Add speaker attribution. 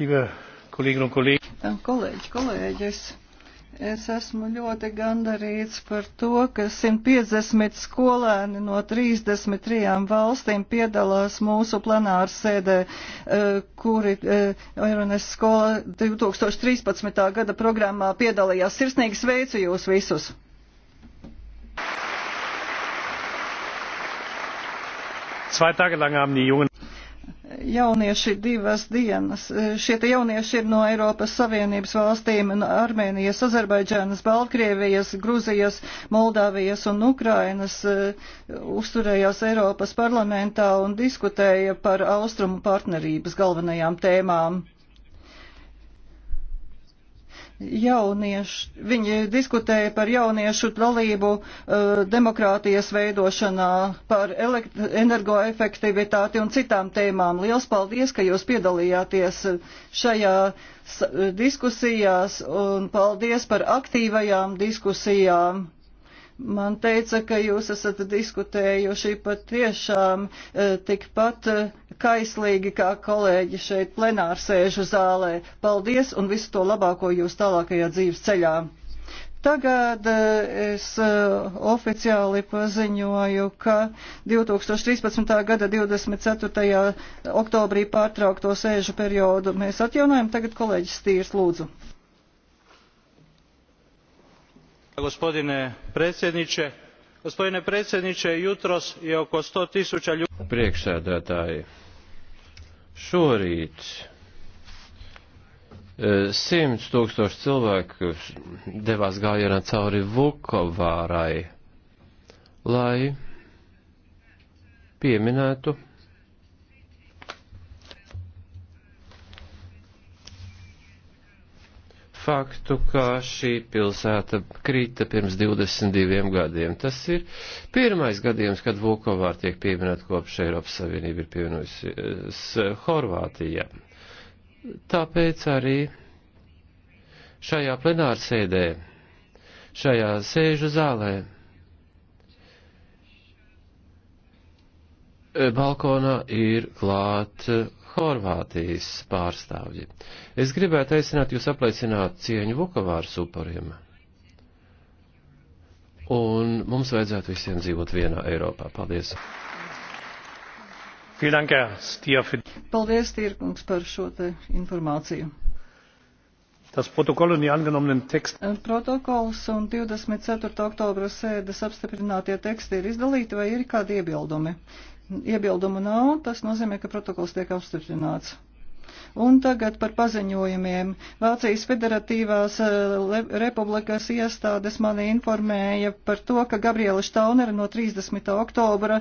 Speaker 1: Liebe Kolleginnen und Kollegen.
Speaker 2: Kolēģi, kolēģis. Es esmu ļoti gandarīts par to, ka 150 skolēni no 33 valstīm piedalās mūsu plenāru sēdē, eh, kuri Eironas eh, skola 2013. gada programmā piedalījās. Sirsnīgi sveicu jūs visus!
Speaker 1: Zwei Tage lang haben die jungen
Speaker 2: jaunieši divas dienas. E, šie jaunieši ir no Eiropas Savienības valstīm no - Armēnijas, Azerbaidžānas, Baltkrievijas, Gruzijas, Moldāvijas un Ukrainas e, uzturējās Eiropas parlamentā un diskutēja par austrumu partnerības galvenajām tēmām jaunieši, viņi diskutēja par jauniešu dalību uh, demokrātijas veidošanā, par energoefektivitāti un citām tēmām. Liels paldies, ka jūs piedalījāties šajā diskusijās un paldies par aktīvajām diskusijām. Man teica, ka jūs esat diskutējuši pat tiešām e, tikpat e, kaislīgi kā kolēģi šeit plenārsēžu zālē. Paldies un visu to labāko jūs tālākajā dzīves ceļā. Tagad e, es oficiāli paziņoju, ka 2013. gada 24. oktobrī pārtraukto sēžu periodu mēs atjaunojam. Tagad kolēģis Stīrs lūdzu
Speaker 1: gospodine predsjednie gospodine predsjednie jutros je oko sto tisua ljudi. priekšsēdētāji šorīt e, simts tūkstoši cilvēku devās gājienā cauri vukovārai lai pieminētu faktu, ka šī pilsēta krita pirms 22 gadiem. Tas ir pirmais gadījums, kad Vukovār tiek pieminēta kopš Eiropas Savienība ir pievienojusies eh, Horvātija. Tāpēc arī šajā plenārsēdē, šajā sēžu zālē E, balkonā ir klāt Horvātijas pārstāvji. Es gribētu aicināt jūs apliecināt cieņu Vukovārs upuriem. Un mums vajadzētu visiem dzīvot vienā Eiropā. Paldies!
Speaker 2: Paldies, Tīrkungs, par šo te informāciju.
Speaker 1: Tas protokoll un die angenommenen
Speaker 2: tekst. Äh, protokols un 24. oktobra sēdes apstiprinātie teksti ir izdalīti vai ir kādi iebildumi? Iebildumu nav, tas nozīmē, ka protokols tiek apstiprināts. Un tagad par paziņojumiem. Vācijas Federatīvās e, republikas iestādes mani informēja par to, ka Gabriela Štaunera no 30. oktobra